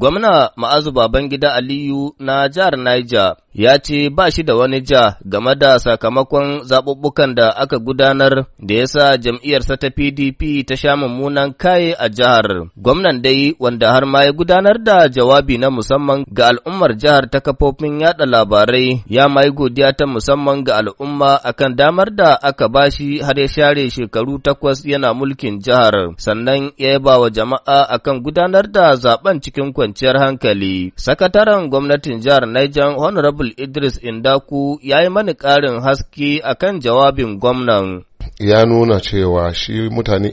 Gwamna Ma'azu Babangida Aliyu na jihar Niger ya ce ba shi da wani ja game da sakamakon zaɓuɓɓukan da aka gudanar da ya sa jam'iyyarsa ta PDP ta sha mummunan kaye a jihar. Gwamnan dai wanda har ma ya gudanar da jawabi na musamman ga al'ummar jihar ta kafofin yaɗa labarai ya ma yi godiya ta musamman ga al'umma akan damar da aka ba shi har ya share shekaru takwas yana mulkin jihar sannan ya yaba wa jama'a akan gudanar da zaɓen cikin kwanci. kwanciyar hankali. Sakataren gwamnatin jihar Niger Honorable Idris Indaku ya yi mani ƙarin haske a kan jawabin gwamnan. ya nuna cewa shi mutane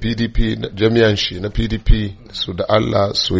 pdp eh, jami'an shi na pdp su da allah su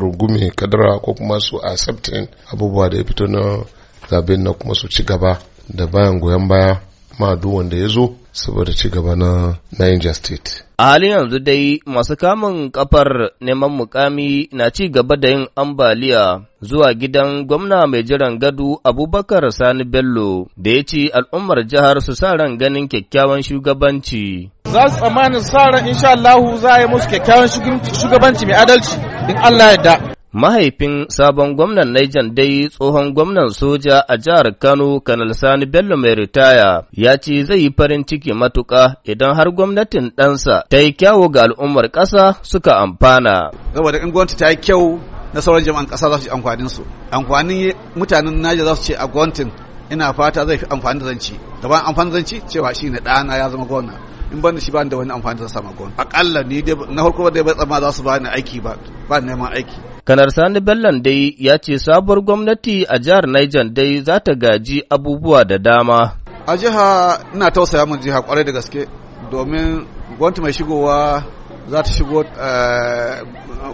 rungume kadara ko kuma su accepting abubuwa da ya fito na zaben na kuma su ci gaba da bayan goyon baya ma duk wanda ya zo saboda ci gaba na Niger State. A halin yanzu dai masu kamun kafar neman mukami na ci gaba da yin ambaliya zuwa gidan gwamna mai jiran gado Abubakar Sani Bello da ya ci al'ummar jihar su sa ran ganin kyakkyawan shugabanci. Za su tsammanin sa ran insha Allah za a yi musu kyakkyawan shugabanci mai adalci in Allah ya da. Mahaifin sabon gwamnan Niger dai tsohon gwamnan soja a jihar Kano Kanal Sani Bello mai ritaya ya ce zai yi farin ciki matuƙa idan har gwamnatin ɗansa ta yi kyawu ga al'ummar ƙasa suka amfana. Saboda in gwamnati ta yi kyau na sauran jama'an ƙasa za su ci amfanin su. Amfanin mutanen Niger za su ce a gwamnatin ina fata zai fi amfani da zanci. Gaban amfani da zanci cewa shi ne ɗana ya zama gwamna. in ban da shi ba da wani amfani da sama gwamnati. Akalla ni na farko dai bai tsamma za su ba ni aiki ba ba neman aiki. Kanar Sani Bellan dai ya ce sabuwar gwamnati a jihar Niger dai za ta gaji abubuwa da dama. A jiha ina tausaya min jiha kwarai da gaske domin gwamnati mai shigowa za ta shigo eh,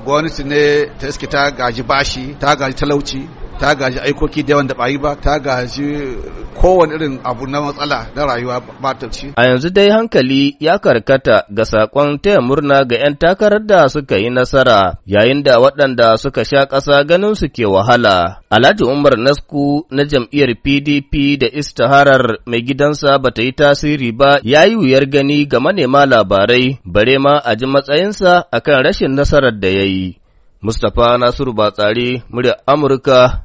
gwamnati ne ta iske ta gaji bashi ta gaji talauci ta gaji aikoki da yawan da bayi ba ta gaji kowane irin abu na matsala na rayuwa ba ta ci a yanzu dai hankali ya karkata ga sakon taya murna ga 'yan takarar da suka yi nasara yayin da waɗanda suka sha ƙasa ganin su ke wahala alhaji umar nasku na jam'iyyar pdp da istiharar mai gidansa ba ta yi tasiri ba ya yi wuyar gani ga manema labarai bare ma a ji matsayinsa akan rashin nasarar da ya yi mustapha nasiru batsari murya amurka